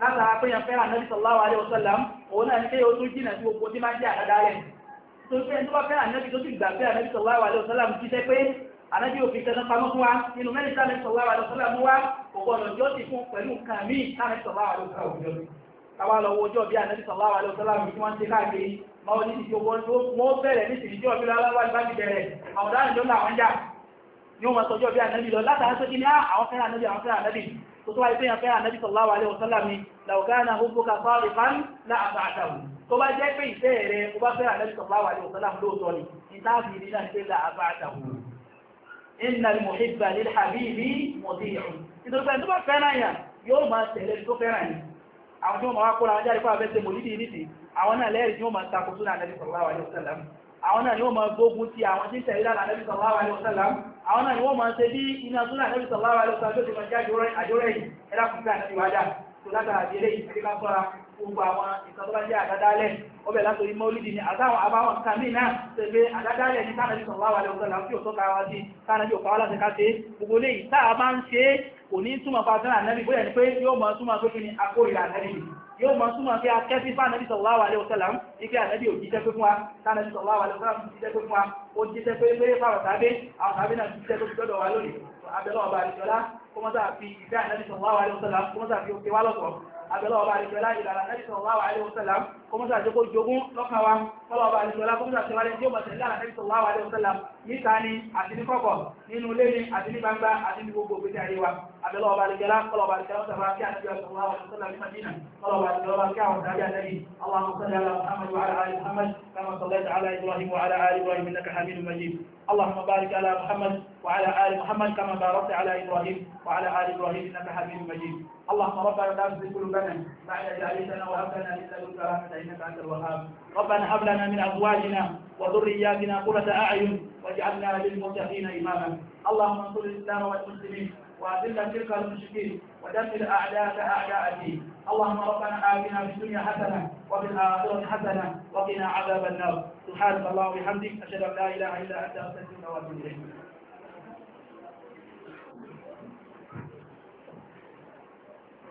látara pé yẹn fẹ́ ànábì sallallahu alaihi wasallam òun náà ní pé ó tún jìnà sí gbogbo tí máa jẹ́ àdádálẹ̀ tó pé ẹni tó bá fẹ́ ànábì tó ti gbà pé ànábì sallallahu alaihi wasallam jíṣẹ́ pé ànábì òfin kankan pamọ́ fún wa nínú mẹ́rin tí ànábì sallallahu alaihi wasallam wá gbogbo ọ̀nà tí ó ti fún ọjọ́ bí ànábì sallallahu alaihi wasallam tí wọ́n ń ṣe káàkiri máa ní ìjọba wọn bẹ̀rẹ̀ ní ìṣèjọ́ ọdún aláwọ̀ ìbájú bẹ̀rẹ̀ àwọn dáhùn ló làwọn jà ni wọ́n máa tọjọ́ bí ànábì lọ látàrí tó kí ní ah, àwọn fẹ́ràn ànábì àwọn fẹ́ràn ànábì tó tó wáyé fẹ́ràn ànábì sallallahu alaihi wasallam ni làwọ̀kánà gbogbo kàfà ìfán láàbà àtàwù tó bá jẹ́ pé sallallahu alaihi wasallam lóòtọ́ ni ìtàbí ní náà ṣe inna al-muhibba lil habibi muti'un nítorí pé tó bá fẹ́ràn yàn yóò máa tẹ̀lé tó fẹ́ràn yàn àwọn tí wọ́n máa kóra wọn jáde àwọn náà lẹ́rìí tí wọ́n máa takò súnà ànábì sallallahu alaihi wasallam àwọn náà ni wọ́n máa gbógun ti àwọn tí ń tẹ̀lé lára ànábì sallallahu alaihi wasallam àwọn náà ni wọ́n máa ṣe bí iná súnà ànábì sallallahu tó ti máa jáde àjọrẹ́ yìí látara àjẹlẹ yìí ti ká sọ́ra gbogbo àwọn nǹkan tó bá jẹ́ àdádálẹ̀ ọbẹ̀ látòrí mọ́lídìí ni àtàwọn àbáwọn nǹkan míì náà ṣe pé àdádálẹ̀ ní tánàbí sọ̀rọ̀ wà lẹ́wọ̀n tọ́lá tí ò tọ́ka wá sí tánàbí ò pàwọ́ láti ká ṣe gbogbo léyìí tá a máa ń ṣe kò ní túmọ̀ pàtàkì ànábì bóyá ni pé yóò mọ̀ túmọ̀ pé kí ni akórìíra ànábì yóò mọ̀ súnmọ̀ pé akẹ́sí fún ànàbí sallallahu alaihi wasallam ipé ànàbí ò jíṣẹ́ pé fún wa tánàbí sallallahu alaihi wasallam jíṣẹ́ pé fún wa ó jíṣẹ́ pé pé fáwọn tàbí àwọn tàbí náà jíṣẹ́ pé fún wa lónìí abẹ́lọ́ọ̀bà àríṣọ́lá kọmọ́sá fi ìfẹ́ ànábì sallallahu alaihi wasallam kọmọ́sá fi òkè wá lọ́sọ̀ọ́ abẹ́lọ́ ọba àríkẹ́lá ìlànà ànábì sallallahu alaihi wasallam kọmọ́sá àjọkó jogún lọ́kàn wa kọ́lọ́ ọba àríkẹ́lá kọmọ́sá ti wálé tí ó bàtẹ̀ lára ànábì sallallahu alaihi wasallam níta ni àti ní kọ̀kọ̀ nínú ilé ni àti ní gbangba àti ní gbogbo ògbésí ayé wa abẹ́lọ́ ọba àríkẹ́lá kọ́lọ́ ọba àríkẹ́lá ọ̀sẹ̀ wa kí ànábì sallallahu alaihi wasallam ní Madina kọ́lọ́ ọba àríkẹ́lá kí àwọn sàbí ànábì اللهم على محمد وعلى ال محمد كما صليت وعلى ال ابراهيم انك حميد مجيد اللهم على محمد وعلى آل محمد كما باركت على إبراهيم وعلى آل إبراهيم إنك حميد مجيد اللهم ربنا لا تزغ قلوبنا بعد إذ هديتنا وهب لنا من لدنك رحمة إنك أنت الوهاب ربنا هب لنا من أزواجنا وذرياتنا قرة أعين واجعلنا للمتقين إماما اللهم انصر الإسلام والمسلمين وأذل تلك المشركين ودمر أعداءك أعداء الدين اللهم ربنا آتنا في الدنيا حسنة وفي الآخرة حسنة وقنا عذاب النار سبحانك اللهم وبحمدك أشهد أن لا إله إلا أنت أستغفرك وأتوب إليك